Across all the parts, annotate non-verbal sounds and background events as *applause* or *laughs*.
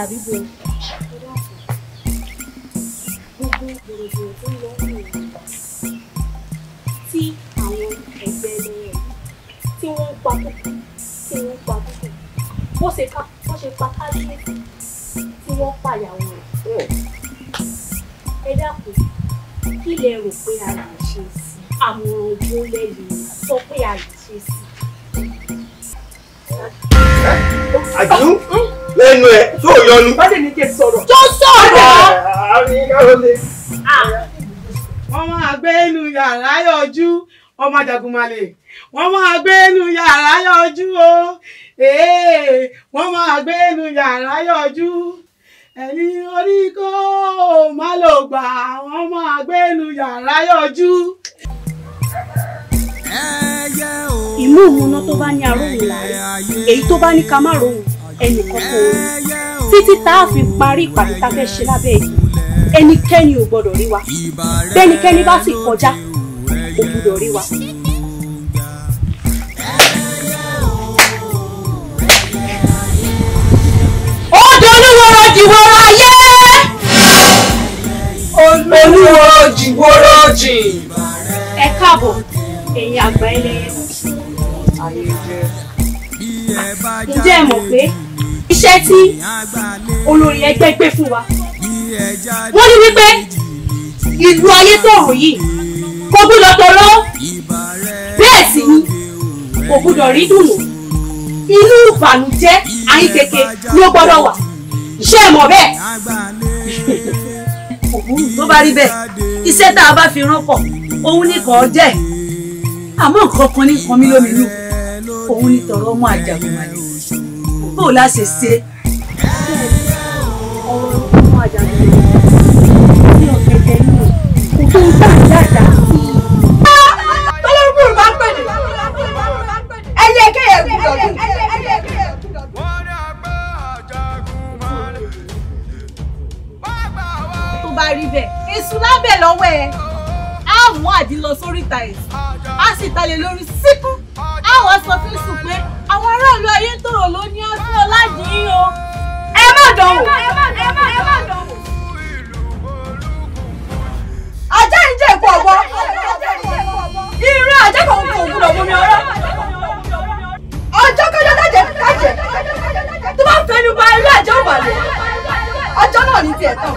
àbíbo gbogbo gbòrògbò tó ń lọ wò tí àwọn ẹgbẹ́ ẹlẹ́yìn tí wọ́n ń pa kókó tí wọ́n ń pa kókó bó ṣe pa bó ṣe pa kábíyèsí tí wọ́n pàyàwó rẹ̀ ẹ dákun kí lẹ rò pé a lè ṣe sí àmọ̀ràn ojú lẹ lè sọ pé a lè ṣe sí. àjù lẹ́nu ẹ̀ tó yọnu. wọ́n sì kí n sọ̀rọ̀. tó sọ̀rọ̀. wọ́n máa yàrá yọjú ọmọ Àjàgùnmàlè wọ́n máa gbé yàrá yọjú o wọ́n máa gbé inú yàrá yọjú ẹni orí kó má lò gbà wọ́n máa gbé inú yàrá yọjú. ìlú ìmúná tó bá ní aróhùn láàrín èyí tó bá ní ká má róhùn ẹnìkan tó rí títí tá a fi parí ìpàdé tá a fẹ́ ṣe lábẹ́ èyí ẹnikẹ́ni ò gbọ́dọ̀ rí wa bẹ́nikẹ́ni bá sì kọjá ò gbọ́dọ̀ rí wa. ó jìwòrò ayé. ẹ káàbọ̀ ẹ̀yin àgbà ẹlẹ́yẹ. ayé jẹ́ ǹjẹ́ ẹ mọ̀ pé iṣẹ́ tí olórí ẹgbẹ́ gbé fún wa wọ́n ní wípé ìlú ayé tòrò yìí kò gbúdọ̀ tòrò bẹ́ẹ̀ sì ni kò gbúdọ̀ rí dùnú inú ìbànújẹ́ àyín keke ni ó gbọ́dọ̀ wà ṣé ẹ mọ̀ bẹ́ẹ̀. tó bá rí bẹ́ẹ̀ iṣẹ́ tá a bá fi rán pọ̀ òun nìkan jẹ́ àmọ́ nǹkan kan ní kan mí lóminú òun ni tọrọ ọmọ àjàgùnmàlè bó o láṣẹ ṣe ọ̀rọ̀ ọmọ àjàgùnmàlè ní ọ̀gẹ̀dẹ̀ nù kò tó ń gbà dáadáa. tọ́lọ́rùkù bá pẹ̀lú ẹyẹ kẹyẹ gbúdọ̀dún. tó bá rí bẹ́ẹ̀ èṣù lábẹ́ lọ́wọ́ ẹ̀ á mú àdín lọ sóríta ẹ̀ á sì ta lé lórí sọ fún pé àwọn aráàlú ayé tòrò ló ní ọtí ọládìí o. ẹ má dánwò. ajá ń jẹ ìkó ọgbọ. irú ajá kan kò gbúdọ̀ mú mi ọ̀rọ̀. ọjọ́ kọjọ́ dájẹ́ dájẹ́ tó bá fẹnu ba irú ajá ò bàlẹ̀ ọjọ́ náà ní tiẹ̀ tán.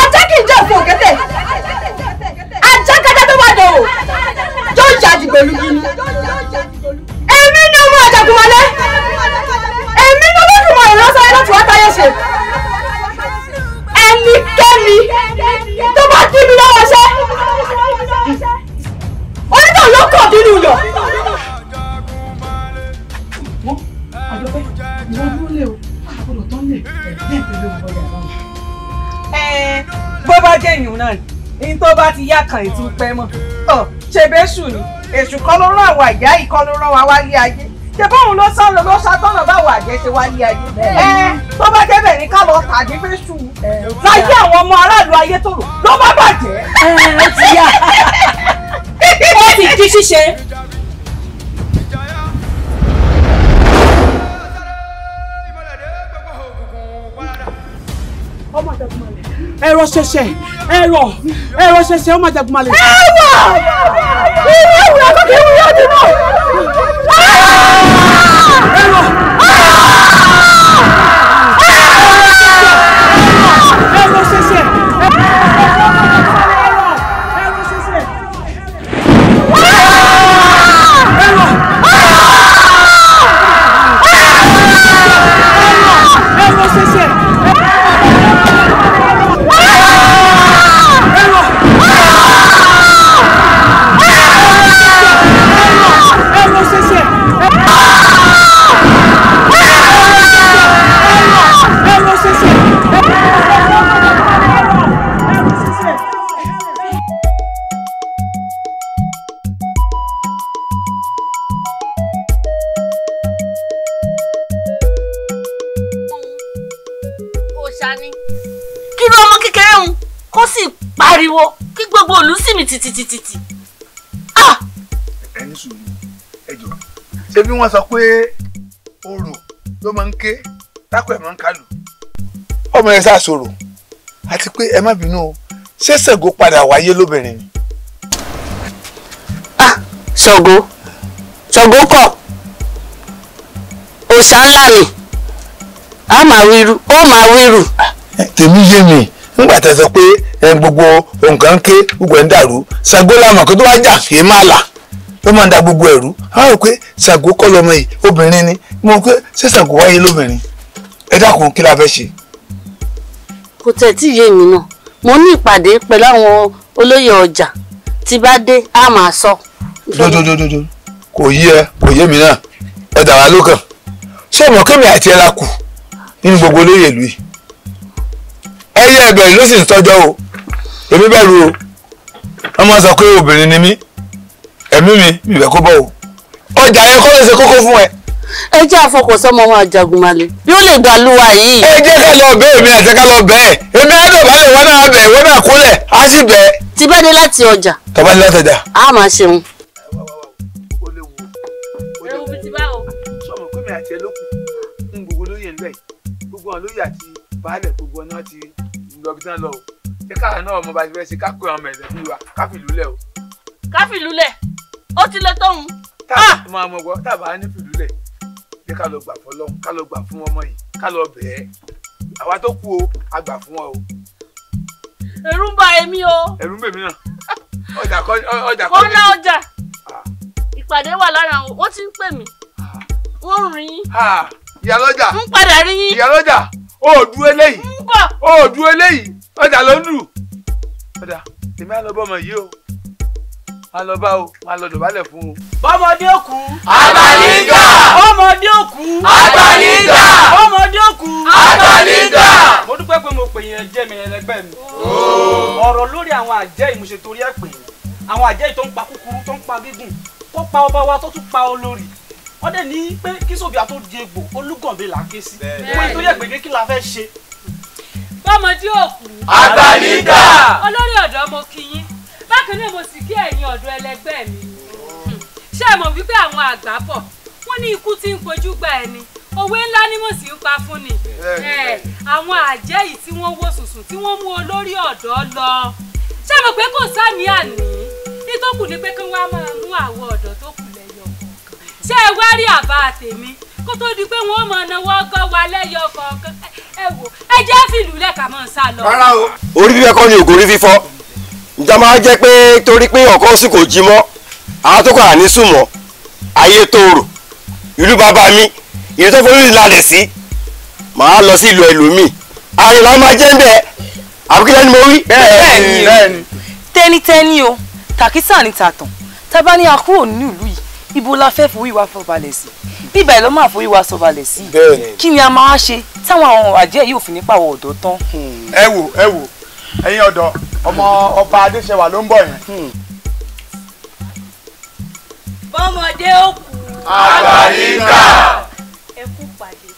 ajá kì í jẹ́ òfin òkété. Tolú kí ni. Èmi ni ọmọ Àjàgùnmọ̀lé. Èmi ni Olódùmarè ló sáré láti wá táyé ṣe. Ẹnikẹ́ni tó bá dí mi lọ́wọ́ ṣẹ́. Onítọ̀ ló kọ̀ nínú yọ̀. Àjọpẹ́, ìwọ dúró lé o, àbúrò tán lè bẹ́ẹ̀ pẹ̀lú ìbọ̀dà náà. Ẹ bó bá jẹ́ ìyún náà, ní tó bá ti yá kan ètò pẹ́ mọ̀, ọ̀ ṣe bẹ́ẹ̀ sùn ni èṣù kan ló rán àwọn àyà yìí kan ló rán wa wálé ayé ṣe bóun ló sọ ló ṣàtọ̀nà báwo àjẹ́ ṣe wálé ayé ẹ tó bá jẹ́ bẹ̀rẹ̀ ká lọ tàbí fẹ́ṣù láyé àwọn ọmọ aráàlú ayé tòrò ló bá bàjẹ́. ó ti yá ó ti di ṣíṣe. ọmọ àjàgùnmalè ẹ̀rọ ṣẹ̀ṣẹ̀ ẹ̀rọ ẹ̀rọ ṣẹ̀ṣẹ̀ ọmọ àjàgùnmalè. ẹ̀rọ. 我不要！我不要你弄！啊！哎呦！啊！啊！哎呦，谢谢。bí wọ́n sọ pé orò ló máa ń ké tákù ẹ̀ máa ń kálù ọmọ ẹ sá sọ̀rọ̀ àti pé ẹ má bínú ah kọ òòṣà ńlá ni a máa wíru ó máa wíru. Ah, tèmi yé mi nígbà tẹ pé gbogbo nǹkan ń ké gbogbo ń dàrú làmọ̀ kó tó wá jà ló máa ń da gbogbo ẹ̀rú á rò pé Ṣàngó kọ́ lọmọ yìí obìnrin ni mo pé ṣé Ṣàngó wáyé lóbìnrin ẹ dákun kí la fẹ́ ṣe. kò tẹ̀tí yé mi náà mo ní ìpàdé pẹ̀lú àwọn olóyè ọjà tí bá dé á máa sọ. dodododo kò yé ẹ kò yé mi náà ẹ dà wá lókàn ṣé ọmọ kémi àti ẹ la kù nínú gbogbo olóyè ìlú yìí ẹyẹ ẹgbẹ̀rún ló sì ń tọ́jọ́ o èmi bẹ̀rù o wọ́n máa sọ pé obìnrin ni mí ẹ̀mí mi mi bẹ̀ kó bọ̀ o ọjà yẹn kọ́ ló ṣe kókó fún ẹ. ẹ jẹ́ àfọkànsọ́ ọmọ wọn àjàgùnmalè bí ó lè dàlúwa yìí. ẹ jẹ́ ká lọ bẹ́ẹ̀ mi àti ká lọ bẹ́ẹ̀ èmi á dọ̀bà lè wọ́n náà bẹ̀ wọ́n náà kúnlẹ̀ á sì bẹ̀. ti bá dé láti ọjà. tọ́ba dé láti ọjà. a máa ṣeun. ewu bíi ti báwo. sọmọ pé mi àti ẹ ló kù ń ọmọ bá ti fẹ́ ṣe ká kó àwọn ọmọ ẹ̀lẹ́bí wa ká fìlú o. ká fìlú ó ti lé tóun. táàbà tó máa ah! mọ gbọ́ táàbà á ní fìdúlẹ̀ pé ká lọ gbà fún ọlọ́run ká lọ gbà fún ọmọ yìí ká lọ bẹ̀ẹ́ àwa tó kú o a gbà fún ọ o. ẹ̀rù ń bà èmi o. ẹ̀rù ń bà èmi náà ọjà kọ́ ọjà kọ́ ọjà ọjà ah. ìpàdé wà lára wọn wọ́n ti ń pè mí ah. wọ́n rìn yín. ìyálọ́jà ń padà rí yín. ìyálọ́jà ó dúró eléyìí. ń bọ̀ ó dúró eléyìí ọjà ló ń dù. ọ̀dà èmi á lọ bọ́ ọmọ yìí o má lọ bá o má lọ dọ̀bálẹ̀ fún o. bọ́mọdé òkú. àgbàlígà. bọ́mọdé òkú. àgbàlígà. bọ́mọdé òkú. àgbàlígà. mo dúpẹ́ pé mo pè yẹn jẹ́ mi ẹlẹgbẹ́ mi. Oh. ọ̀rọ̀ lórí àwọn àjẹ́ ìmúṣe torí ẹ̀ pè àwọn àjẹ́ yìí tó ń pa kúkúrú tó ń pa gígùn tó pa ọba wa tó tún pa olórí wọ́n dẹ̀ ní pé kí sòbíà tó di egbò olúgànbẹ là ké sí pé nítorí ẹ̀gbẹ́gẹ́ kí la fẹ́ ṣe. bọ́mọdé òkú. àgbàlígà. olórí ọ̀dọ́ mo kí yín bákan náà mo sì kí ẹ̀yin ọ̀dọ́ ẹlẹgbẹ́ mi ṣé ẹ mọ̀ wípé àwọn àgbà bọ̀ wọ́n ní ikú tí ń kojú gba ẹni òwe ńlá ni mo sì ń pa fún ni àwọn àjẹ́ yìí tí wọ́n wó sùsùn tí wọ́n mú olórí ọ̀dọ́ lọ ṣé ẹ mọ̀ pé kò sáàmì àní nítòkù ni pé kí wọ́n á máa mú àwọn ọ̀dọ́ tó kù lẹ́yọ kọ̀ọ̀kan ṣé ẹ wá rí àbá tèmi kó tó di pé wọ́n mọ̀ náwó ọgọ́ wa lẹ́yọ kọ̀ọ̀kan ẹ wò ẹ jẹ́ fìlú lẹ́ka mọ́ sá lọ. rárá o orí fífẹ́ kọ́ ni ògùn orí fífọ́ ìjà máa jẹ́ pé torí pé ọ̀kan sì kò jí mọ́ àwọn tó kọ̀ àní sùn mọ́ ayé tóorò ìlú bàbá mi ìlú tó forí lálẹ̀ sí màá lọ sí ìlú ẹlòmíì àrìnlá máa jẹ́ ń bẹ́ẹ̀ àbúkílẹ̀ ni mo wí. bẹ́ẹ̀ni tẹnitẹni o tàkísà ni tàtàn tábà ní akúrò nínú ìlú yìí ibo la fẹ́ fowó ìwà fọbalẹ̀ sí bíbẹ̀ ló máa fowó ìwà sọbalẹ̀ sí kí ni a máa ṣe táwọn àwọn àjẹ́ yìí ò fi nípa ọ̀dọ́ tán. ẹ wò ẹ wò ẹ̀yin ọ̀dọ́ ọmọ ọba adéṣẹwà ló ń bọ̀ yẹn. Hmm. bọ́mọdé ó kú. àgbà yíká. ẹ kú pàdé.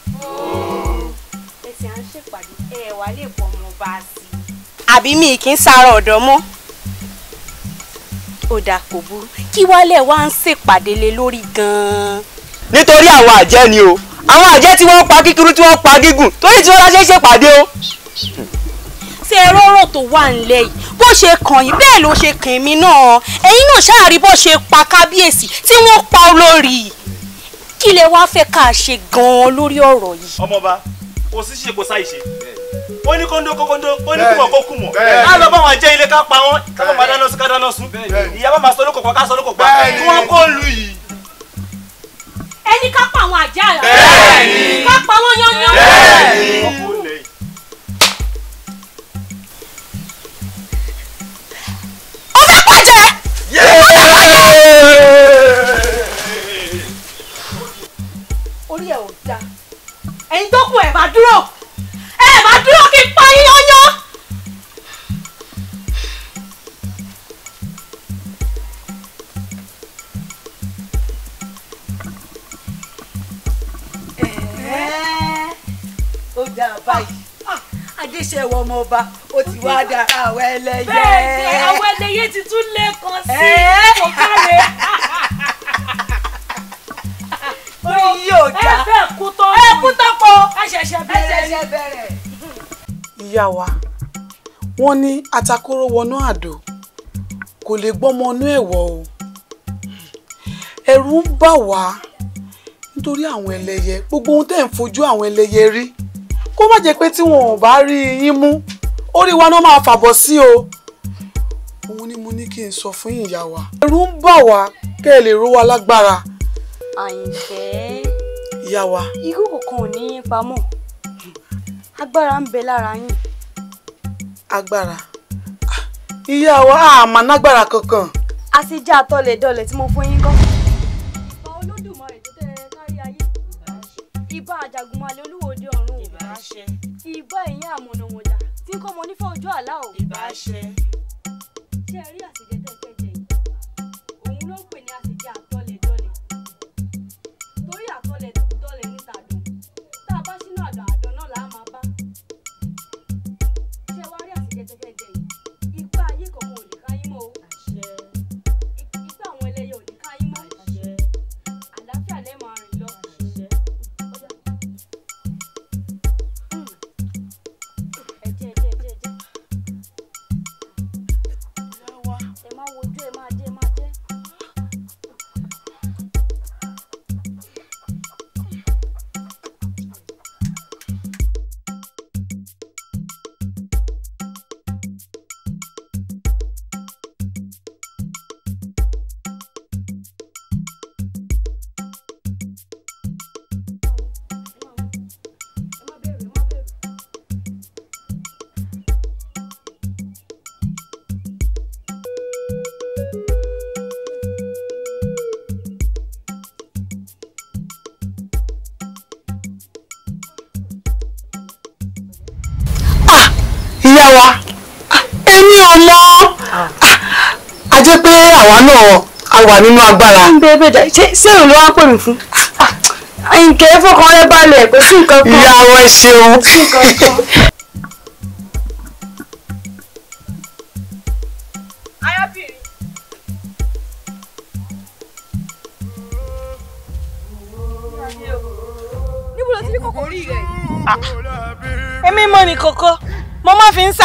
ẹsẹ̀ à ń ṣèpàdé ẹ wà lè pọ̀ ọmọ sí àbí mi kì í sára ọ̀dọ́ mọ́ ó dà kò burú kí wálẹ̀ wá ń ṣèpàdé lé lórí gan-an. nítorí àwọn àjẹ́ ni o àwọn àjẹ́ tí wọ́n pa kíkúrú tí wọ́n pa gígùn torí tí wọ́n la ṣe ń ṣèpàdé o ṣe rọ́rọ̀ tó wà nílẹ̀ yìí bó ṣe kàn yín bẹ́ẹ̀ ló ṣe kàn mí náà ẹ̀yin náà ṣáàrí bó ṣe pa kábíyèsí tí wọ́n pa olórí kí lẹ wá fẹ́ ká ṣe gan-an lórí ọ̀rọ̀ yìí. ọmọọba kò sí ṣe kò sáì ṣe ó ní kóńdó kóńdó ó ní kúmọ̀ kó kúmọ̀ á lọ bá wọn jẹ́ ilé ká pa wọn ká máa dáná sí ká dáná sún ìyá máa sọ pa ká sọ pa kí wọ́n kó lu yìí ẹni ká pa àwọn àjẹ́ àyà. ká pa wọn yán yán. orí ẹ ò dáa ẹ̀yin tó kù ẹ máa dúró ẹ máa dúró kí n pa yín yányán. ó dáa báyìí adéṣẹ́wọ̀ ọmọọba ó ti wá dára àwọn ẹlẹ́yẹ. bẹ́ẹ̀ni àwọn ẹlẹ́yẹ ti tún lẹ́ẹ̀kan sí i kò káre. orí yóò dá ẹ fẹ́ kú tán ẹ kú tán pọ̀ ẹ ṣẹ̀ṣẹ̀ bẹ̀rẹ̀. ìyá wa wọ́n ní atakóró wọnú àdó kò lè gbọ́mọ inú ẹ̀wọ̀ o ẹ̀rù ń bà wá nítorí àwọn ẹlẹ́yẹ gbogbo ohun tẹ́ ń fojú àwọn ẹlẹ́yẹ rí kó má jẹ́ pé tí wọn ò bá rí yín mú orí wa náà máa fàbọ̀ sí o òun ni mo ní kí n sọ fún ìyá wa ẹ̀rù ń bà wá kẹ́ ẹ lè ró wa lágbára. àyìnfẹ́. ìyá wa. irú kankan ò ní yín pamọ́ agbára ń bẹ lára yín. agbára ah, ìyá wa àmà nágbára kankan. a sì já àtọ̀lẹ̀dọ̀lẹ̀ tí mo fún yín gan. ìbà olódùmarè tó tẹ́ kárí ayé ìbà àjàgùnmalè olúwo ṣe. ti bá ìyá àmọ̀nàmọ̀dà tí kò mọ onífọ̀ ojú àlá o. ìbá ṣe. ṣé ẹ rí àtijọ́ tẹ́ yìí òun ló ń pè wa èmi ò ah. a jẹ́ pé àwa náà a wà nínú agbára. bẹ́ẹ̀ bẹ́ẹ̀ dà ṣé òun ló wá pè mí fún ah, ah. nǹkan fọkàn rẹ balẹ̀ pé nǹkan kan. ìyá wa ṣeun.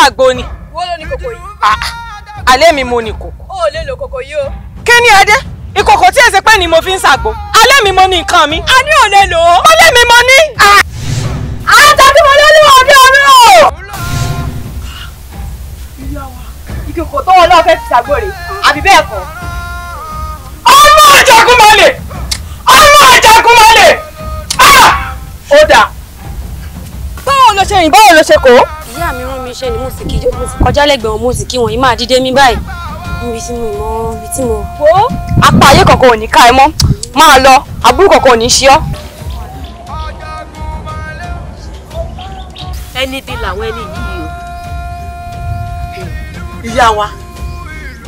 àgbo ni. wo ló ní kòkò yìí. Ah, alẹ́ mi mo ní kòkò. o ò lè lo kòkò yìí o. kí ni adé ìkòkò tí èsì pé ni mo fi ń ṣàgbo alẹ́ mi mo ní nǹkan mi. a ní ò lò ó. mo mi mo ní. àtàkì ah, mo lè ní ọdún ọdún o. ìkòkò tó wọn náà fẹ́ fi ṣàgbo rè àbí bẹ́ẹ̀ kọ́. ọmọ ajagun mọ́lẹ̀ ọmọ ajagun mọ́lẹ̀ ah, ó dà. báwo ló ṣe yìn ló ṣe kó mi rán mi iṣẹ́ ni mo sì kí mo sì kọjá lẹ́gbẹ̀ẹ́ wọn mo sì kí wọn yìí máa dídé mi báyìí níbi tí mo ìmọ̀ ibi tí mo. wo apá ayé kankan ò ní ká ẹ mọ́ máa lọ àbúrò kankan ò ní ṣe ọ́. ẹni bí làwọn ẹni yìí o. ìyá wa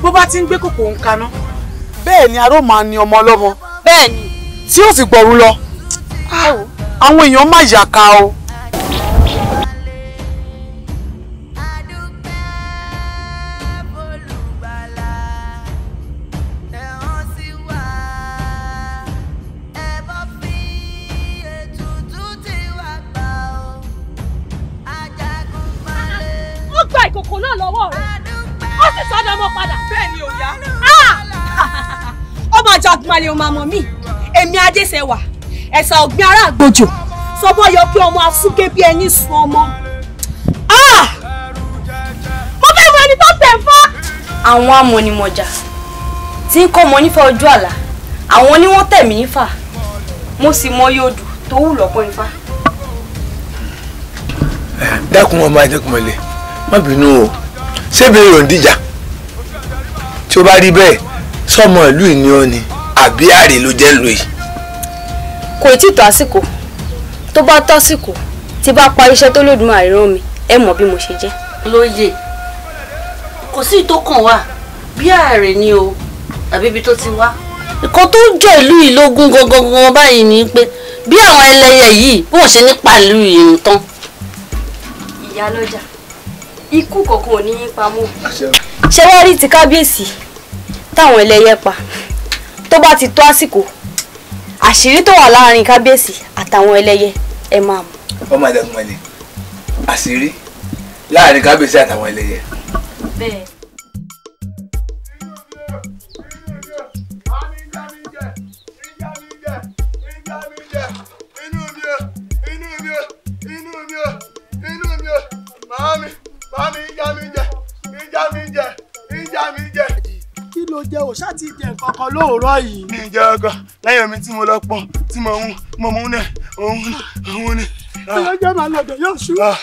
bó bá ti ń gbé kòkò ń kaná bẹ́ẹ̀ ni aró máa ni ọmọ ọlọ́mọ. bẹ́ẹ̀ ni. tí ó sì gbọ̀rú lọ. àwọn èèyàn má yà ká o. ẹ̀sà ọ̀gbìn ará àgbòjò sọ́bọ̀ yọ kí ọmọ asúnké bí ẹni sun ọmọ. Ah! mo fẹ́ mọ ẹni tó tẹ̀ fọ́. àwọn amọ̀nìmọ̀jà tí ń kọ́ ọmọ nífà ojú àlá àwọn ni wọ́n tẹ̀mí nífà mo sì mọ yodù tó wù lọ́pọ̀ nífà. dákun ọmọ ajẹkùnmọ̀lẹ̀ má bínú o ṣé bí èrò ń dìjà tí ó bá rí bẹ́ẹ̀ sọmọ ìlú ìní ọ ni àbí àrè ló jẹ́ lóyè kò tí ì tó àsìkò tó bá tó àsìkò tí bá parí iṣẹ́ tó lòdùn àìrán mi ẹ mọ̀ bí mo ṣe jẹ́. lóye kò sí ìtò kan wà bí ààrẹ ni o àbí ibi tó ti wá. nǹkan tó jọ ìlú yìí lógún gangan báyìí ni pé bí àwọn ẹlẹ́yẹ yìí bí wọ́n ṣe ní pàlú yìí tán. ìyá lọ́jà ikú kankan ò ní í pamọ́. ṣé wàá rí ti kábíyèsí táwọn ẹlẹ́yẹ pa tó bá ti tó àsìkò àṣírí tó wà láàrin kábíyèsí àtàwọn ẹlẹ́yẹ ẹ máa mú. ọmọ ìdàgbọ́n ẹni àṣírí láàrin kábíyèsí àtàwọn ẹlẹ́yẹ. bẹ́ẹ̀. Mami, mami, Kí ló jẹ òṣà ti jẹ nǹkan kan lóòrọ̀ yìí? Mi jẹ ọkàn lẹ́yìn omi tí mo lọ pọn tí mo ń mo mú náà òun òun ni. ọlọ́jọ́ máa lọ́dọ̀ yóò ṣú yóò ah.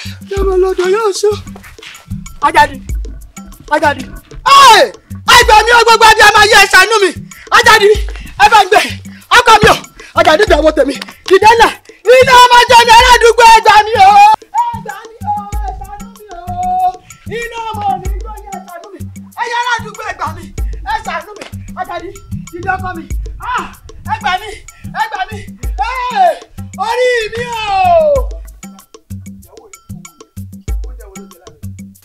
máa lọ́dọ̀ yóò ṣú. Àjàdí Àjàdí àìgbà mi ò gbogbo adé máa yẹ ẹ̀ṣánú mi Àjàdí ẹ bá ń gbẹ ọkọ mi ò Àjàdí ìdánwò tèmi ìdẹ́là iná ọmọ jẹ mi aládùúgbò ẹgbà mi o. ẹgbà mi o ẹ̀ṣánú mi o iná ọmọ mi gbọ́ yẹ ẹ̀ṣánú mi ẹ̀yẹ aládùúgbò ẹgbà mi ẹ̀ṣánú mi Àjàdí mi. Ah! ẹ gbà mí ẹ gbà mí orí mi o.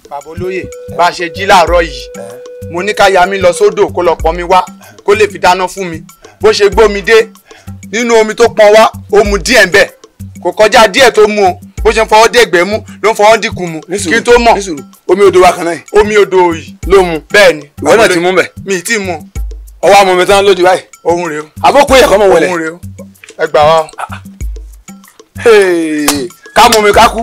bàbá olóyè bá a ṣe jí láàárọ̀ yìí mo ní ká ya mí lọ sódò kó lọ pọn mi wá kó lè fi dáná fún mi bó ṣe gbómi dé nínú omi tó pọn wá ó mu díẹ̀ ń bẹ̀ kò kọjá díẹ̀ tó mu o bó ṣe ń fọwọ́ dé ẹ̀gbẹ́ mú ló ń fọwọ́ dínkù mu kí n tó mọ̀ omi odò wa kan náà omi odò yìí ló mu bẹ́ẹ̀ ni ìwọ náà ti mú bẹ̀ mi ì tí mu ọwọ́ amọ̀mẹ́tán lójú báyìí ohun rèé o. àbókù yẹ kọ́ wọlé. ohun rèé o. ẹ gbà wá. ká mi ká kú.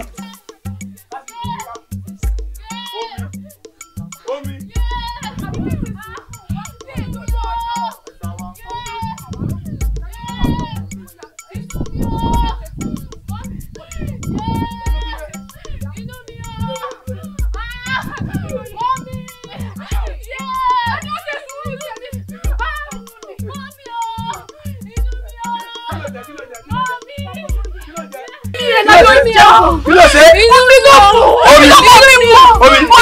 ¡Oh, mi amor! ¡Oh, mi amor!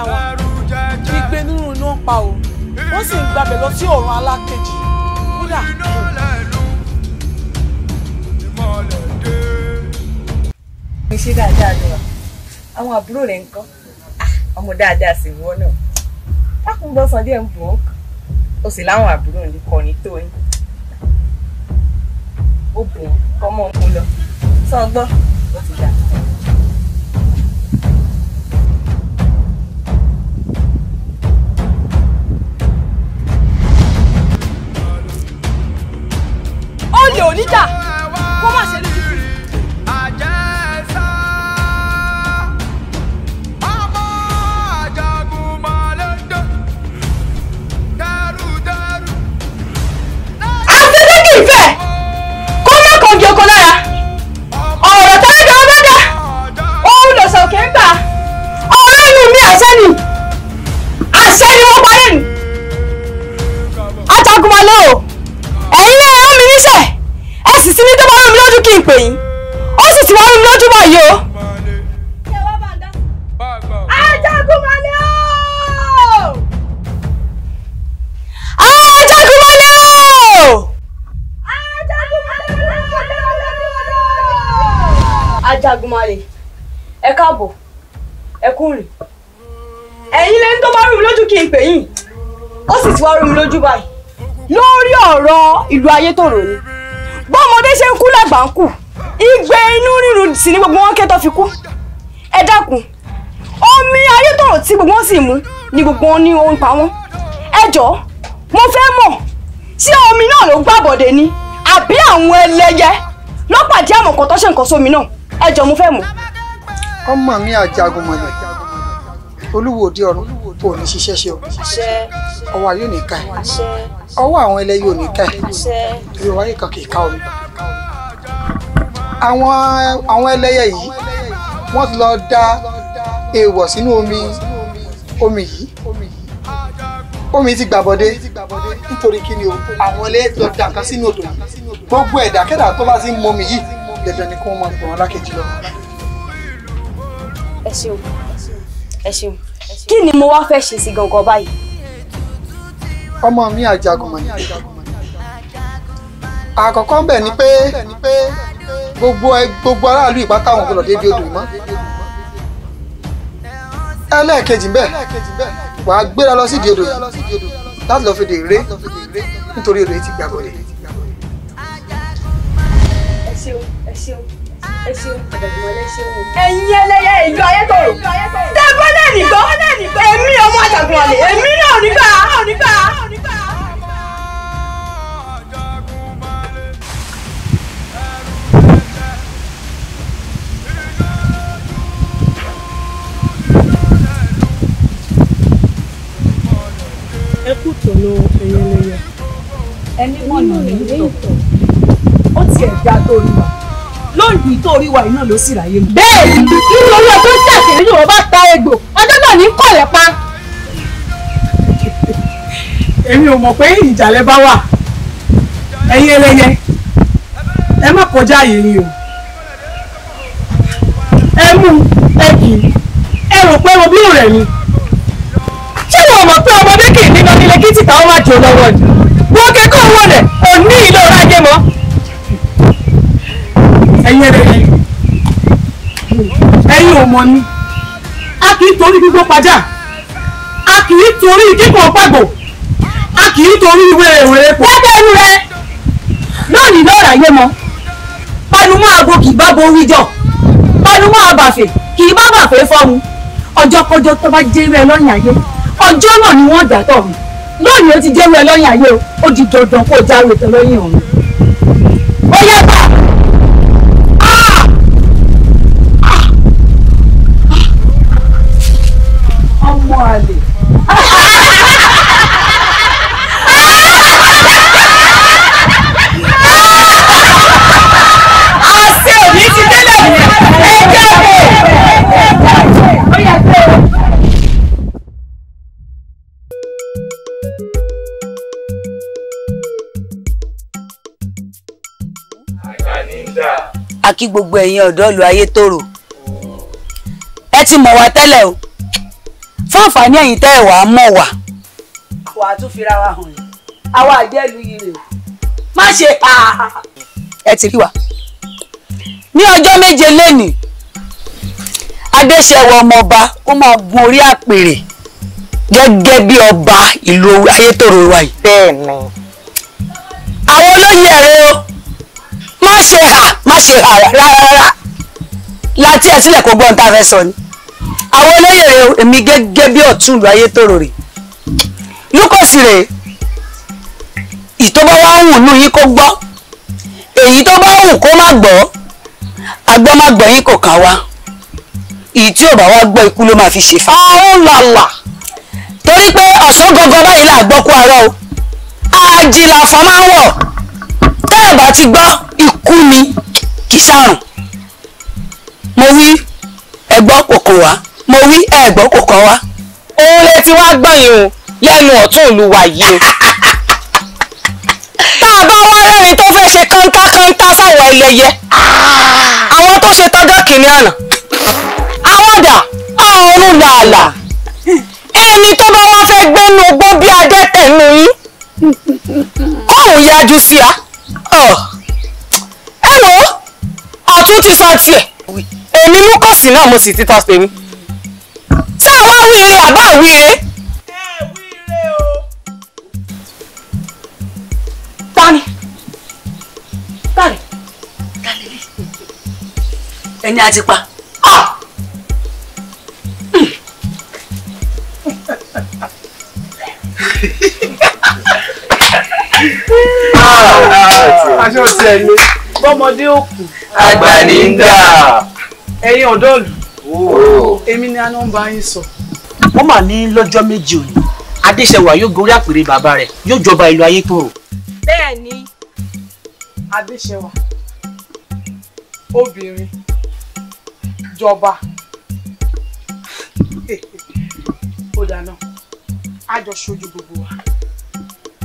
ìyá wa gbígbé nínú iná pa o wọ́n sì ń gbabẹ̀ lọ sí ọ̀run alákejì kódà. mi ṣe dáadáa ni wa àwọn àbúrò rẹ̀ ń kọ́ ah, ọmọ dáadáa sì wọ́n náà dákun bọ́ sọ díẹ̀ ń bò ó o sì láwọn àbúrò ń kọ́ ní tóyìn ó bò ó kọ́ mọ́ òun lọ sọ gbọ́ ó ti dà. òkè oníjà kó má ṣe lójú. ìfẹ́ kó má kàn di oko lára ọ̀rọ̀ tá a dán mẹ́ta òun lòsàn kì í gbà ọ̀rọ̀ inú mi àṣẹ ni. ń pè yín ó sì ti wọ́n lójú báyìí o. Ajagunmọ̀lẹ́ o! Ajagunmọ̀lẹ́ o! Ajagunmọ̀lẹ́ ẹ káàbọ̀ ẹ kúrìn ẹ̀yin lẹ́ni tó bá rú mi lójú kí n pè yín ó sì ti wá rú mi lójú báyìí lórí ọ̀rọ̀ ìlú ayétòrò ni àgbà ń kù igbe inú rírun sì ni gbogbo wọn ké tó fi kú ẹ dákun omi ayétòrò tí gbogbo wọn sì mú ni gbogbo wọn ní ohun pa wọn ẹ jọ̀ọ́ mo fẹ́ mọ̀ ṣé omi náà ló gbàbọ̀dé ni àbí àwọn ẹlẹ́yẹ lọ́pàdé àmọ̀kọ́ tó ṣe nǹkan sómi náà ẹ jọ̀ọ́ mo fẹ́ mọ̀. ọmọ mi àjagun mọ̀lẹ̀ olúwòde ọ̀run ò ní ṣiṣẹ́ ṣe o ọwọ́ ayé ò ní ká ẹ ọwọ́ àwọn ẹlẹ́yẹ ò ní ká ẹ ìrọ̀wáyé kan kì í ká omi àwọn àwọn ẹlẹ́yẹ yìí wọ́n ti lọ da èèwọ̀ sínú omi omi yìí omi ti gbàbọdé nítorí kí ni o àwọn ẹlẹ́yẹ ti lọ da nǹkan sínú odò yìí gbogbo ẹ̀dá kẹ́dà tó bá ti ń mọmi yìí dandan ni kí wọ́n máa gbọ̀n lákejì lọ. ẹ ṣeun ẹ ṣeun kí ni mo wá fẹ́ ṣe sí gangan báyìí. ọmọ mi àjàgùnmọ̀ ni àkọ́kọ́ ń bẹ̀ ni pé gbogbo gbogbo aráàlú ìpátá àwọn gbọdọ̀ débi odò mọ́ ẹlẹ́ẹ̀kejì bẹ́ẹ̀ wàá gbéra lọ sí odò láti lọ́ọ́ fi dè ré nítorí odò yìí ti gbàgbọ́ dé. ẹ ṣeun ìjọ ayétòrò tẹ́ bọ́lẹ̀ nìgbọ́ èmi ọmọ àjàgùn ọ̀lẹ̀ èmi náà nígbà. ẹni mọ̀ nà ní ìtọ̀ ó tiẹ̀ dá tó rí wa lóyún tó rí wa iná ló sì ráyè mu. bẹ́ẹ̀ni nítorí ọdún tí àtẹ̀rí yorùbá bá ta egbò ọdún náà ní kọ̀lẹ̀ pa. èmi ò mọ̀ pé ìjàlẹ̀ bá wà ẹ̀yin ẹlẹ́yẹ ẹ má kọjá àyè ni o ẹ mú ẹ kì í ẹ rò pé mo bí rẹ̀ ni ṣé wọn mọ̀ pé ọmọdé kì í níná nílé kí tìta ó má jò lọ́wọ́ ni wọlé òní ìlú ọrọ̀ ajé mọ́. ẹ̀yin ẹ̀rẹ̀ yìí ò mọ̀ ni a kì í torí gbígbó padà a kì í torí kíkọ̀ pàgbò a kì í torí ìwé ìwé pọ̀. wọ́n bẹ́ẹ̀ nu rẹ̀ lónìí lọ́ọ̀rọ̀ ayé mọ́ panumọ́ abo kì í bá borí jọ panumọ́ abàfẹ́ kì í bá bàfẹ́ fọ́mu ọjọ́ kọjọ́ tó bá jẹ́ rẹ lọ́yìn ayé ọjọ́ náà ni wọ́n dà tọ̀hún lónìí ó ti jẹ́wọ́ ẹlọ́yìn ayé o ó di dandan kó o jáwé tẹ́lọ́yìn ọ̀hún. kí gbogbo ẹ̀yin ọ̀dọ́ lu ayé tòrò ẹ ti mọ̀ wá tẹ́lẹ̀ o fún àǹfààní ẹ̀yin tẹ́ ẹ̀ wá mọ̀ wá. wàá tún fira wa hàn yìí àwa àjẹ́lu yìí rè o má ṣe pa. ẹ ti rí wa ní ọjọ́ méje lénìí adéṣẹ́wọ̀ ọmọọba ó máa gun orí àpèrè gẹ́gẹ́ bí ọba ìlú ayétòrò wa yìí. bẹ́ẹ̀ ni. àwọn olóyè rẹ o má ṣe hà má ṣe hà rárá láti ẹ̀ sílẹ̀ kó gbọ́n tá a fẹ́ sọ ni àwọn olóyè rẹ èmi gẹ́gẹ́ bí ọ̀tún ìlú ayé tòrò rè lúkọ̀sì rè ìtọ́gbọ́ wá hùn nù yín kó gbọ́ èyí tó bá hùn kó má gbọ́ agbọ́ má gbọ́ yín kò kàn wá èyí tí ò bá wá gbọ́ ikú ló máa fi ṣèfà. àwọn làlà torí pé ọ̀sán gangan báyìí là gbọ́ kó arọ́ o àjìlà fọ́ wọ̀ ò bá ti gbọ́ ikú ni kì í ṣàrùn mo wí ẹ̀gbọ́ kòkò wá mo wí ẹ̀gbọ́ kòkò wá. òun lè ti wá gbọ́ yìí o lẹ́nu ọ̀tún ìlú wa yìí o. tá a bá wá rẹ́rìn tó fẹ́ ṣe kọ́ńtà kọ́ńtà sáwọn ẹlẹ́yẹ àwọn tó ṣe tọ́jọ́ kìíní àná àwọn ọ̀dà ọ̀run làálà ẹni tó bá wá fẹ́ gbénu ogbó bí adẹ́tẹ̀ nù yín ọ̀hún yájú sí a ẹ wo ọ̀tún ti sọ tiẹ̀ èmi mú kọ́ọ̀sì náà mo sì ti tọ́ tèmi ṣé àwa wíire àbá wíire. ẹ wíire o. tani tani tani ẹni àti pa. Hehehe ah! *laughs* aṣọ ṣẹlẹ bọmọdé òkú àgbà ní í dà ẹ̀yin ọ̀dọ́ ìlú oh. èmi ni aná ń bá yín sọ. wọ́n mà ní lọ́jọ́ méjì òní adéṣẹwà yóò gorí àpèrè bàbá rẹ̀ yóò jọba ìlú ayé tó rò. bẹ́ẹ̀ ni adéṣẹwà obìnrin jọba *laughs* ó dáná a jọ ṣojú gbogbo wa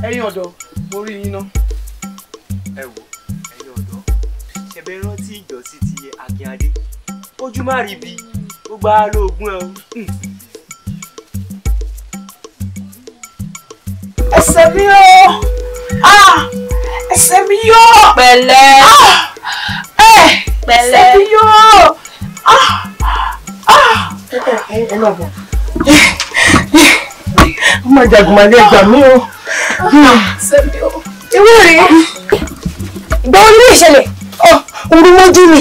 ẹ̀yin ọ̀dọ́ orí yín náà. ẹ wo ẹ̀yin ọ̀dọ́ ṣẹbẹ rántí ìjọsí ti akínadé ojú má rí bi ó gba lóògùn ẹ o. ẹsẹ̀ mi o ah, ẹsẹ̀ mi yóò. pẹ̀lẹ́ ah, pẹ̀lẹ́ ẹsẹ̀ mi yóò. Ah, ẹ náà bọ̀ ọmọ ìjàgùnmọ̀ ni ẹ gbà mí o sẹ́mi o. ìwé rèé gbọ́n ní ìṣẹ̀lẹ̀. orí mọ́jú mi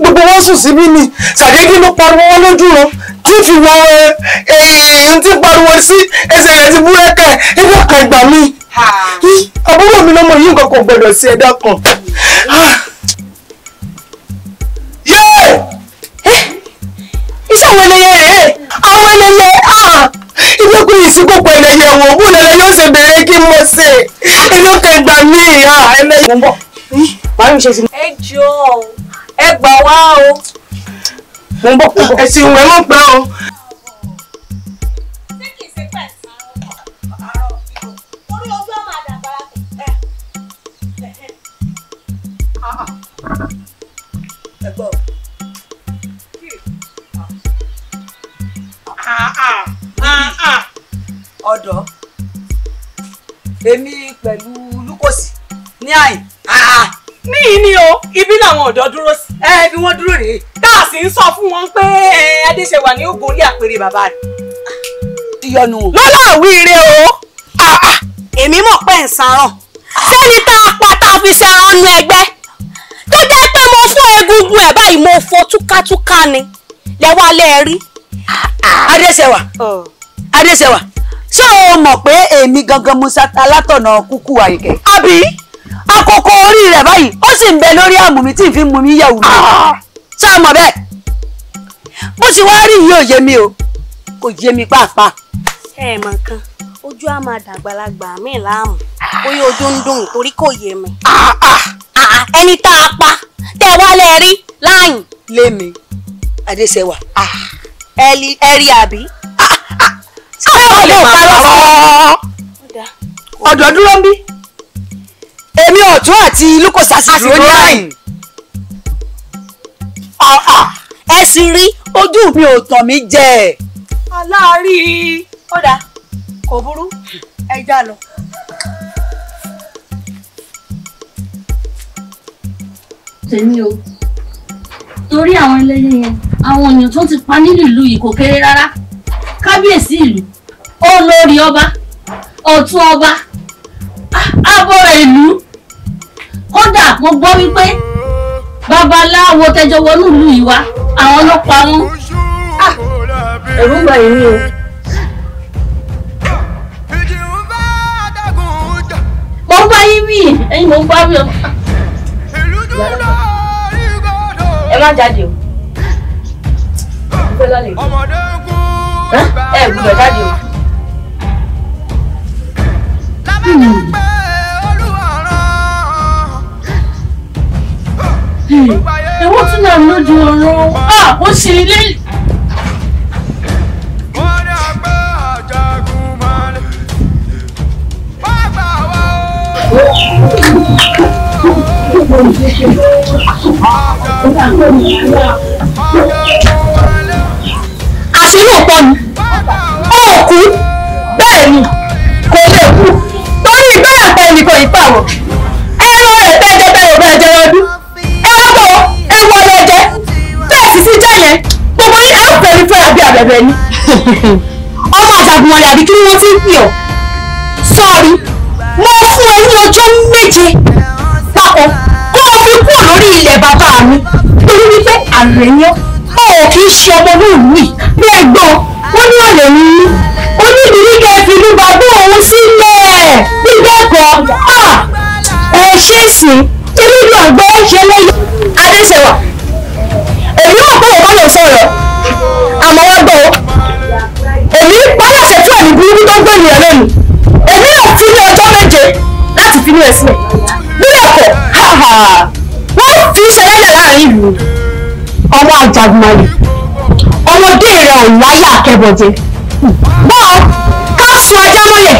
gbogbo wọn sùn síbí ni ṣàdédé ló pariwo wọn lójú wọn tí fi wọ ẹ̀ẹ́n eh, eh, tí pariwo sí ẹsẹ̀ rẹ̀ ti búrẹ́kà ìwọ kan ìgbà mi. àbúrò mi lọmọ yìí nǹkan kò gbọdọ̀ sí ẹ̀dá kan. iṣẹ́ àwọn ẹlẹ́yẹ rèé àwọn ẹlẹ́yẹ ìlọ́kù ìsìnkópa ẹlẹ́yẹ wò bó lẹ́lẹ́ yóò ṣe bẹ̀rẹ̀ kí mo ṣe ìlọ́kù ẹgbà mí ìhà ẹlẹ́yẹ. mo ń bọ̀ màá ṣe sí. ẹ jọ ẹ gbà wá o. mo ń bọ̀ ẹ̀sìn ìwé mọ̀ pé o. Ah, ah ọ̀dọ́ èmi pẹ̀lú lukosi ní àyìn ní ìní o ibi làwọn ọ̀dọ́ dúró sí. ẹ bí wọ́n dúró rèé. tá a sì ń sọ fún wọn pé adéṣèwà ni ó gorí àpèrè bàbá rẹ̀. ìyọnu o. lọ́lá àwíire o èmi mọ̀ pé ń sarán sẹ́ni tá a pa tá a fi ṣẹran nu ẹgbẹ́ tó jẹ́ pé mo fún egungun ẹ̀ báyìí mo fọ́ túkátúká ni lẹ́wọ́ alẹ́ rí. adéṣèwà adéṣèwà ṣé o mọ̀ pé èmi gangan musa ta látọ̀nà kúkú àyíkẹ́. àbí àkókò orí rẹ̀ báyìí ó sì ń bẹ lórí àmù mi tí n fi mú mi yẹ̀wò mi. Ah! ṣé o mọ̀ bẹ́ẹ̀ bó ṣe wá rí yìí ò yé mi o kò yé mi pàápàá. ẹ mọ̀ nǹkan ojú á máa dàgbàlagbà mí láàmú bóyá ojú ń dùn torí kò yé mi. Ah, ah, ẹni tá a pa tẹ wálé rí láàyìn. lémi adéṣẹwà ẹ rí àbí sábà lè parọ́ fún ọ. ọ̀dọ̀ dúró ń bí. èmi ọ̀tún àti lukosasi dúró ní àyè. ẹ sì rí ojú mi ò tàn mí jẹ. aláàárí ó dáa kò burú ẹ já lọ. tèmi o torí àwọn ẹlẹ́yẹ yẹn àwọn èèyàn tó ti pa nílùú yìí kò kéré rárá kábíyèsí ìlú olórí ọba ọ̀tún ọba ààbò ìlú kódà mo gbọ́ wípé babaláwo tẹjọ wọnú ìlú yìí wá àwọn ọlọ́pàá wọn ah, ẹ̀rú gbà yìí ni o. mo ń bá yín wí ẹ̀yin mo ń bá wí ọ. ẹ má jáde o. ọmọdé ẹ gbọ́dọ̀ jáde o. ẹ̀wọ́n tún náà lójú ọ̀rọ̀ ó ṣe ilé. Oh, sí lóòótọ́ ni ó kú bẹ́ẹ̀ ni kò lè kú torí bẹ́ẹ̀ kọ́ ni kò pààrọ̀ ẹran rẹ̀ tẹ́jẹ́ tẹ́ òun ẹ̀jẹ̀ lọ́dún ẹranko ewu ọlẹ́jẹ́ tẹ́ẹ̀sì sí jẹ́ yẹn gbogbo yín àbẹ̀ ní fẹ́ àbí ni ọmọ àṣàgùn ọ̀yà àbí kí ni wọ́n ti ń pè ọ́ sọ́ọ̀rì mo fún ẹ ní ọjọ́ méje papọ̀ kó o fi kúrò lórí ilẹ̀ bàbá mi torí wípé àrẹ̀ ó kì í ṣe ọmọ lóòrùn yìí bí ẹ̀gbọ́n wọ́n ní ọ̀lẹ́ ní onídìrí kẹfì ní bàbá òun sílẹ̀ bíbẹ́ẹ̀kọ́ ẹ ṣe sí ilé ìlú àgbẹ̀ ṣe lẹ́yìn adéṣèwà èmi náà kọ́ òun lọ sọ̀rọ̀ àmọ́ wọ́n gbọ́ èmi pálọ̀ṣẹ̀ tí ẹ̀mí burúkú tó ń gbé ènìyàn lẹ́nu èmi náà fi ní ọjọ́ méje láti fi ní ẹ̀sìn bíbẹ́ẹ̀kọ́ wọ́n fi ṣẹlẹ̀ láàrin ìlú ọmọ àjàgùnmalè ọ̀láyà akẹ́bọ̀jẹ. gbọ́ ká fi ajá mọ́lẹ̀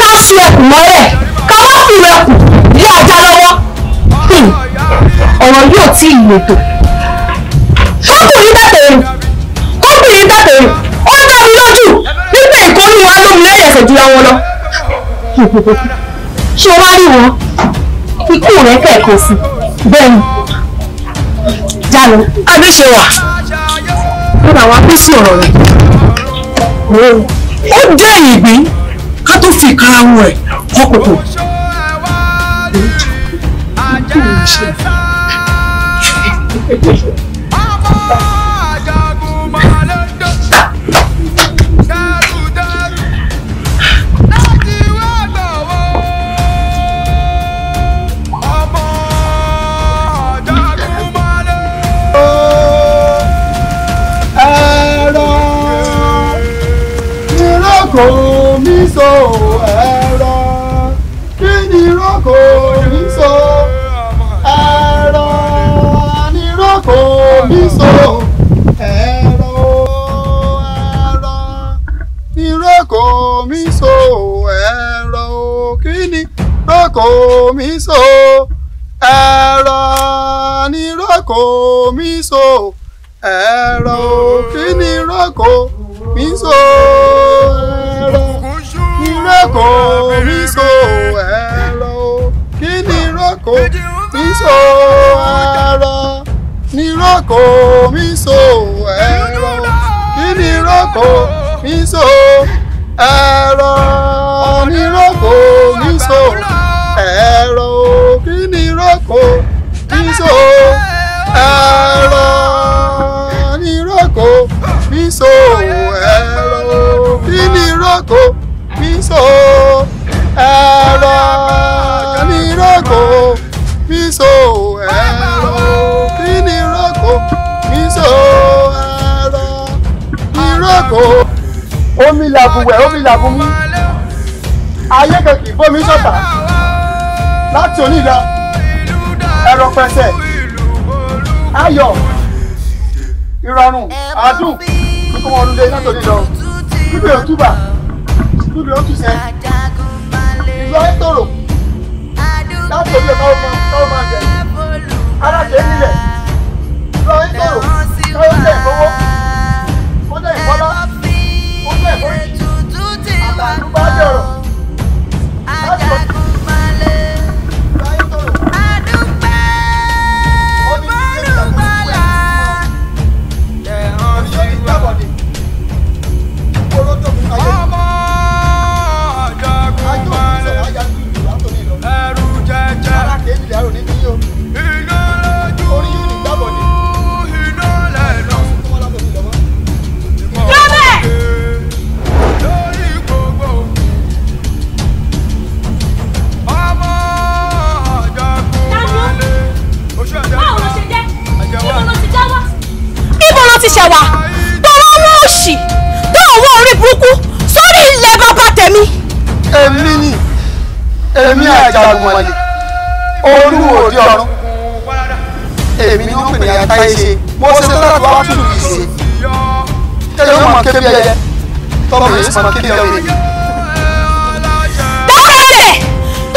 ká fi ẹkùn mọ́lẹ̀ ká má fi ẹkùn lé ajá lọ́wọ́. Hmm, ọ̀rọ̀ yóò tí ì lòtò. kọ́kùnrin dàtẹ̀rù kọ́kùnrin dàtẹ̀rù ó dá mi lójú nípa ìkọ́lù wa lómi lẹ́yìn ẹsẹ̀ jura wọn lọ. ṣé wàá rí wọn ikú rẹ kẹ̀kọ́ sí bẹ́ẹ̀ ni. jalo adéṣe wà padà wá pín sí ọ̀rọ̀ rẹ̀ ó jẹ́ ìgbín ká tó fi kára wọn ẹ̀ ọkùnkùn. Thank you. rọ́kò mi so ẹ̀rọ kí ni rọ́kò mi so ẹ̀rọ ni rọ́kò mi so ẹ̀rọ ẹ̀rọ ni rọ́kò mi so ẹ̀rọ kí ni rọ́kò mi so ẹ̀rọ ni rọ́kò. roko mi so ẹ̀rọ mi roko mi so ẹ̀rọ òbí mi roko mi so ẹ̀rọ mi roko mi so ẹ̀rọ òbí mi roko mi so ẹ̀rọ. làbù wẹ̀ omi làbù mú ayé kankan bómi sọ̀tà láti òní ẹ̀rọ pẹ̀sẹ̀ ayọ̀ ìrọ̀rùn àdùn kíkọ́ wọn lulẹ̀ láti òní lọ òtúbà bíbí òtúsẹ̀ ìlú ayétòrò láti òní ọ̀ká ọmọ ọmọ àgbẹ̀ alájẹ nílẹ̀ ìlú ayétòrò káwọn ilé ìfowó àbọ̀ èmi àjàgùnmọ̀lẹ̀ olúwo òdi ọ̀run èmi ni wọ́n pè ní àtàyè ṣe mo ṣe tó láti wá tùlù yìí ṣe tẹ́lẹ̀ wọ́n máa kébí ẹyẹ tọ́mọ yìí sì máa kébí ẹyẹ. dákẹ́lẹ̀ torí wípé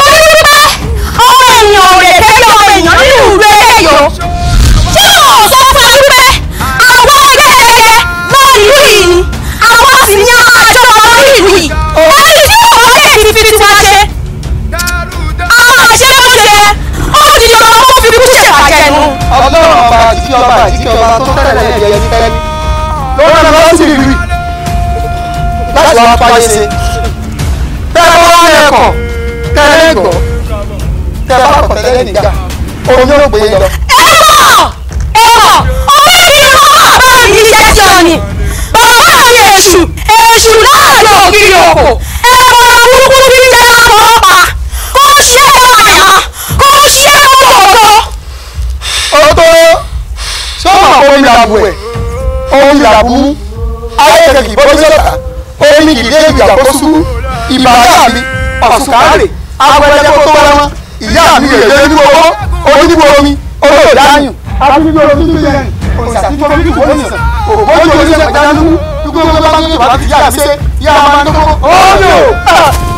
ọmọ èèyàn ò lè tẹ́lẹ̀ ọmọ èèyàn nínú ìwé ẹ̀yọ́ ṣé ò sọ fún ẹ wípé àwọn ẹgbẹ́ náà ìlú yìí ni àwọn sì ní àjọ ọmọ ìlú yìí ó sì ní ọmọ ẹ̀ ti fi tiwa ọlọ́run ọba àti ọba àti ọba tó tẹ̀lé ẹ̀jẹ̀ ní pẹ́ẹ́lí lọ́wọ́ ni wọ́n sì rí láti wá fáyé ṣe tẹ́lẹ̀ wọ́n ẹ̀kọ́ tẹ́lẹ̀ ẹ̀kọ́ tẹ́lẹ̀ bá kọ̀ tẹ́lẹ̀ nígbà òun yóò gbé yín lọ. ẹ̀wọ̀ ọmọ ìdí ni wọ́n bá bá mi ṣe ni bàbá mi èṣù èṣù láàrin òkìrì òkò ẹ̀kọ́ burúkú fi jẹ́ lápò ọ̀pá. omi làbù ẹ̀ omi làbù mú ayékèké bọ́lísọ̀tà omi ìdílé ìjàkóso ìbàdà mi ọ̀sùnkárè agbẹ́jẹ́ kó tó wá wọn ìyá mi rẹ̀ lé ní owó onígbò omi olóòdáyùn abínibí omi tó yẹn òsàtìfọ́ bí kò ní sàn òkòjú oníṣẹ́ pàjáwìrì gbogbo bá ń gbé wàá ti yá àbíṣe yá máa ń dókòwò ó ní o.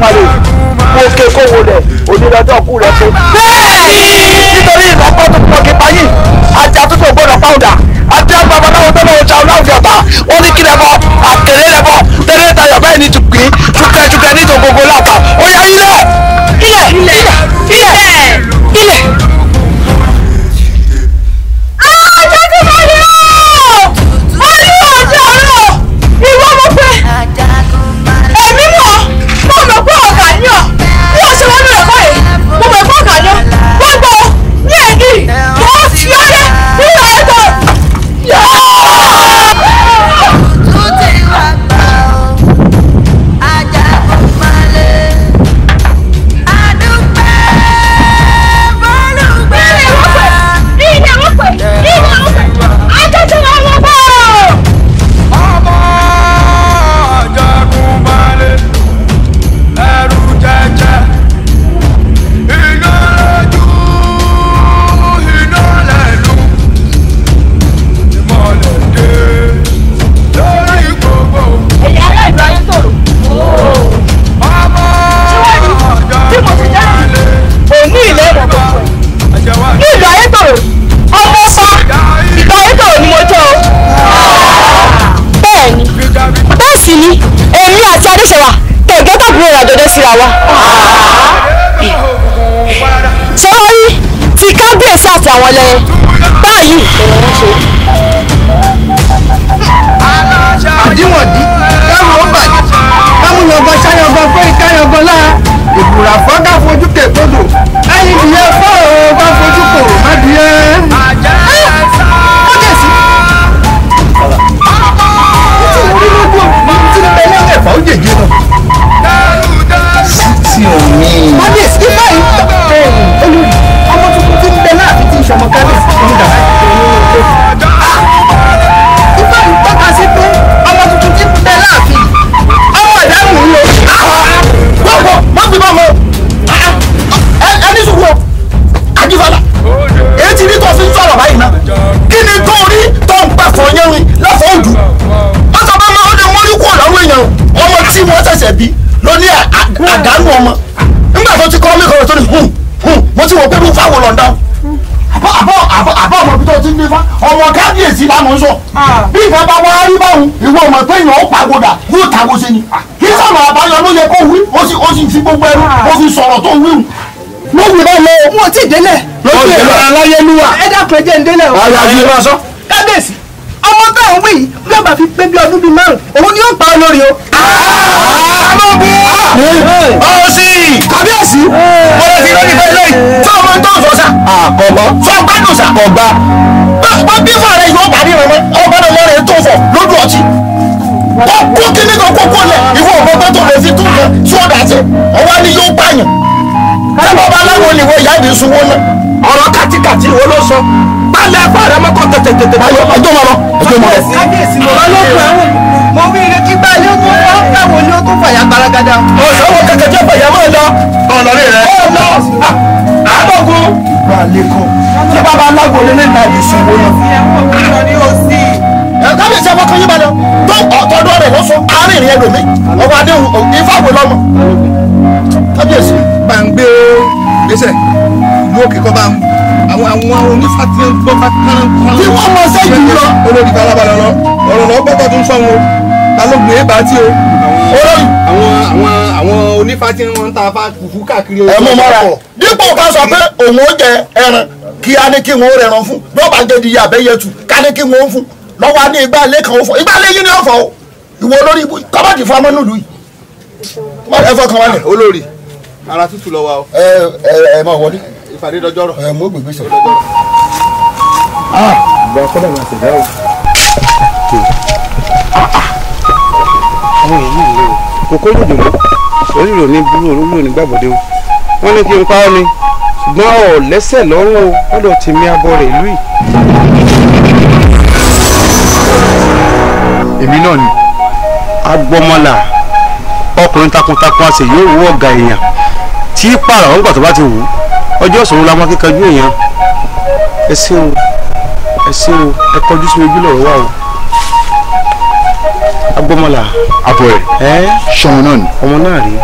parí mo ké kówó rẹ̀ onídọ́jọ́ kú rẹ̀ pé. nítorí ìlọ́pọ̀ tó pọ̀ kí payí ajá tó tó gbọ́dọ̀ pàwùdà àti àgbàgbà náà tó lọ́wọ́ ṣàwọn láwùjọ ọ̀tá ó ní kí lẹ́bọ̀ àkèrè lẹ́bọ̀ tẹ́lẹ̀ tayọ̀ bẹ́ẹ̀ ni tùpín túkẹ́ túkẹ́ ní tògógó láta ¡Vale! mo mọ̀ pé èèyàn ó pàgòdà yóò tàgò ṣe ni ah, ìsàmù àbáyọ ló yẹ kó wí ó sì ó sì fi gbogbo ẹrú ah. ó fi sọ̀rọ̀ tó wíwù mo wù bá lọ. mo ti délẹ̀. lórí ẹ̀rọ aláyélúwà. ẹ dákun ẹ jẹ́ ń délẹ̀ o. ara yìí máa sọ. kábíyèsí ọmọ táwọn wí bí ọba fi pé bí ọdún bíi márùn òun ni ah! ó pa ọ lórí o. àmọ́ bí. ọ̀sìn àbí òsì lórí ìfẹ́ lẹ́yìn tí ọmọ ń tọ́sọ̀ sá. àkọ́gbọ́. sọ gbádùn sá. bá ah, bí fún yóò parí rẹ mọ́ ọgbà náà lọ́rẹ̀ tó fọ̀ lójú ọtí. wọ́n kó kíní kan kókó lẹ̀ ìwọ ọmọ bá lè fi tún lọ sí ọ̀dà tẹ ọwọ́ ni yóò pààyàn. tábọ̀ bá láwọn olè ọ̀rọ̀ kàtíkàtí wo ló sọ pálẹ̀ fàrẹ mọ́kọ́ tètè tètè. ayọ ọjọ́ ma lọ ọjọ́ ma lọ. kábíyèsí mo máa ló fún ẹ̀wọ̀n mo bí ilé kígbà ilé tó wá ẹ̀wọ̀n ni ó tó fàyà gbaragada. ọ̀sọ́wọ́ kẹ̀kẹ́ jẹ́ fàyà máa lọ. ọ̀nà rẹ̀ rẹ̀. ó lọ ah, àádọ́gun. wà á lè kọ́ tí bàbá alágbó lé nígbà yìí sùn wó lọ. ẹ̀ka lè ṣe ọkọ̀ yín balẹ̀ tó ọ̀tọ̀dọ̀ rẹ̀ lọ́sọ àárín rẹ̀ lómi ọba adéhùn ìfáwọ̀ lọ́mọ. kábíyèsí gbàǹgbé o gbèsè ìlú òkè kọ́ bá àwọn àwọn onífà tí ń gbọ́ bá kán kán. tí wọ́n mọ sẹ́yìn yìí lọ. olórí kan lọ ọ̀rọ̀ náà gbọ́dọ̀ tó ń sọ wọn o ta ló gbé bá tí o. àwọn àwọn àwọn onífà tí wọ́n ń ta afá fùfú káàkiri. ẹ mú mọ́ra dípò ká sọ pé òun ó jẹ ẹran kí a ní kí wọn ó rẹran fún bí wọn bá jẹ di abẹ́yẹtù ká ní kí wọn ó fún lọ́wọ́ ní igbá ilé kan ó fọ igbá ilé yín ni ó fọ ìwọ olórí kọ́mọ̀tì fún ọmọ nílùú yìí ẹ fọkàn wálẹ̀. olórí ara tútù lọ wa o. ẹ ẹ ẹ máa wọlé ìpàdé dọjọ́rọ̀. ẹ mú gbègbè sọ. ìgbà kọ́dà máa tẹ̀lé o. àwọn èyí ìlú kókó lòdì mọ́ orílò ní burú orílò ní gbàbọ̀dé o wọ́n ní kí n pa ọ́ ni ṣùgbọ́n ọ̀ lẹ́sẹ̀ lọ́rùn o lọ́dọ̀ tèmi abọ́ rẹ̀ ìlú yìí. èmi náà ni agbọmọlà ọkùnrin takuntakun àṣẹ yóò wú ọ̀gá èèyàn tí pààrọ̀ ọ̀gbà tó bá ti wù ú ọjọ́ ìṣòro la máa kíkanjú èèyàn ẹ ṣé o ẹ ṣé o ẹ kọjú sí ojú lọ́rọ̀ wa o agbọ́mọlà. àbọ̀ ẹ̀ ṣọmọ náà ni. ọmọ náà rí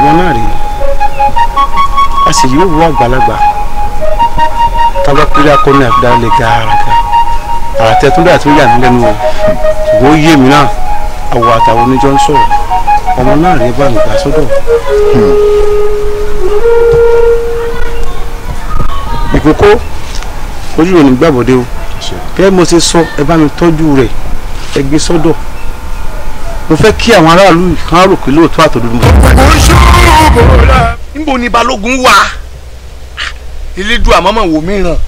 ọmọ náà rí a sì yóò wọ àgbàlagbà tábà péré akọni àfidàlẹ̀ lè ga ara ga àtẹ tó dáa tó yà mí lẹ́nu o ṣùgbọ́n ó yé mi náà àwọ̀ àtàwọn oníjọ́ ń sọ̀rọ̀ ọmọ náà rí bá mi gbà sọ́dọ̀. Hmm ìkókó ojú rẹ̀ nígbàbọ̀dé o kẹ́ mo ṣe sọ ẹ bá mi tọ́jú rẹ̀ ẹ gbé sọ́dọ̀ mo fẹ́ kí àwọn aráàlú kan rò pé lóòótọ́ àtọ̀dọ̀dọ̀ mo fẹ́ gbà. níbo ni balógun wà elédùn àmọ́mọ́ wò mí ràn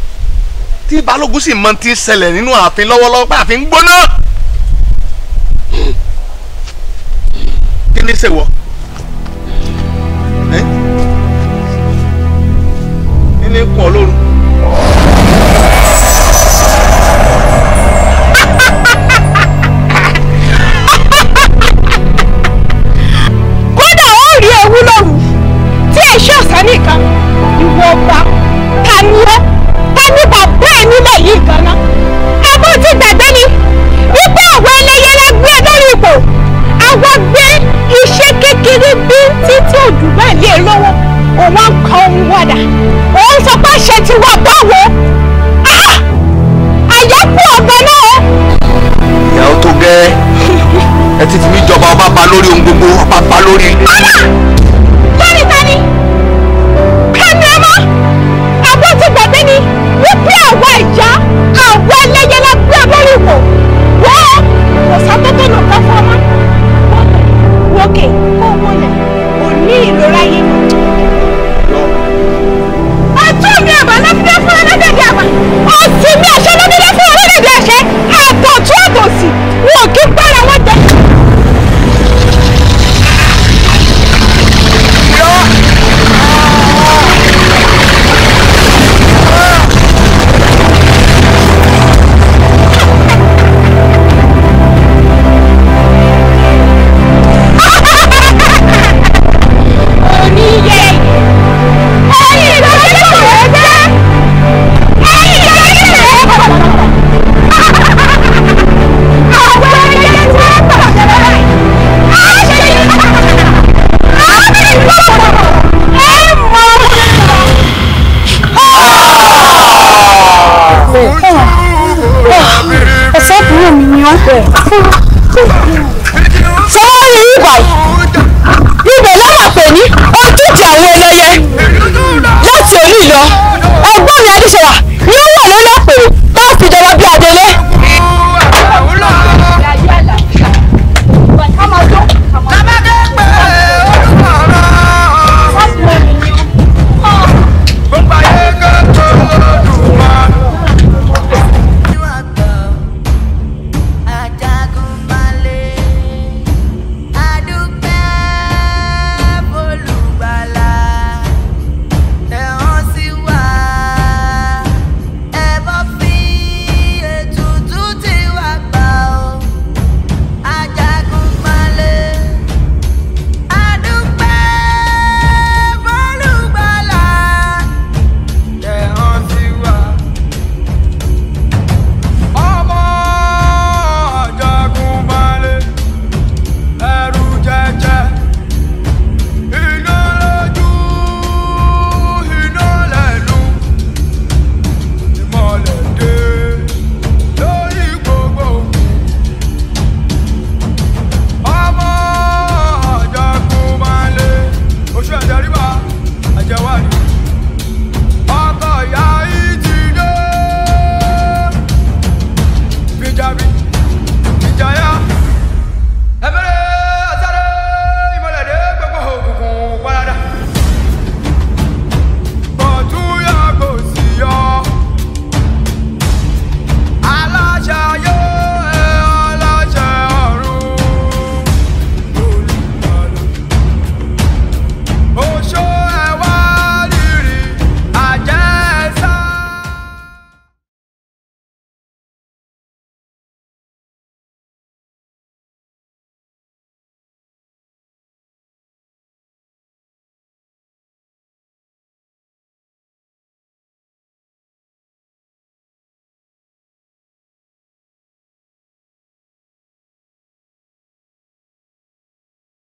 tí balógun sì mọ ti ń ṣẹlẹ̀ nínú ààfin lọ́wọ́lọ́wọ́ pé ààfin gbóná. kí ni ṣèwọ́. ní kún ọ ẹ ti fi mí jọba ọba pa lórí ohun gbogbo ọba pa lórí. lórí tani kẹmí ọmọ àwọn ti gbàgbé ni wípé àwa ìyá àwa ẹlẹ́yẹ la gbé abọ́rí wò wọ́n kò sátótó nà ká fún ọmọ. wókè kó o wọlé o ní ìrora yìí. ọtún mi àbá lọ́fíńdé fún ọlọ́dẹ̀dẹ̀ àbá ó sì àṣẹ lọ́fíńdé.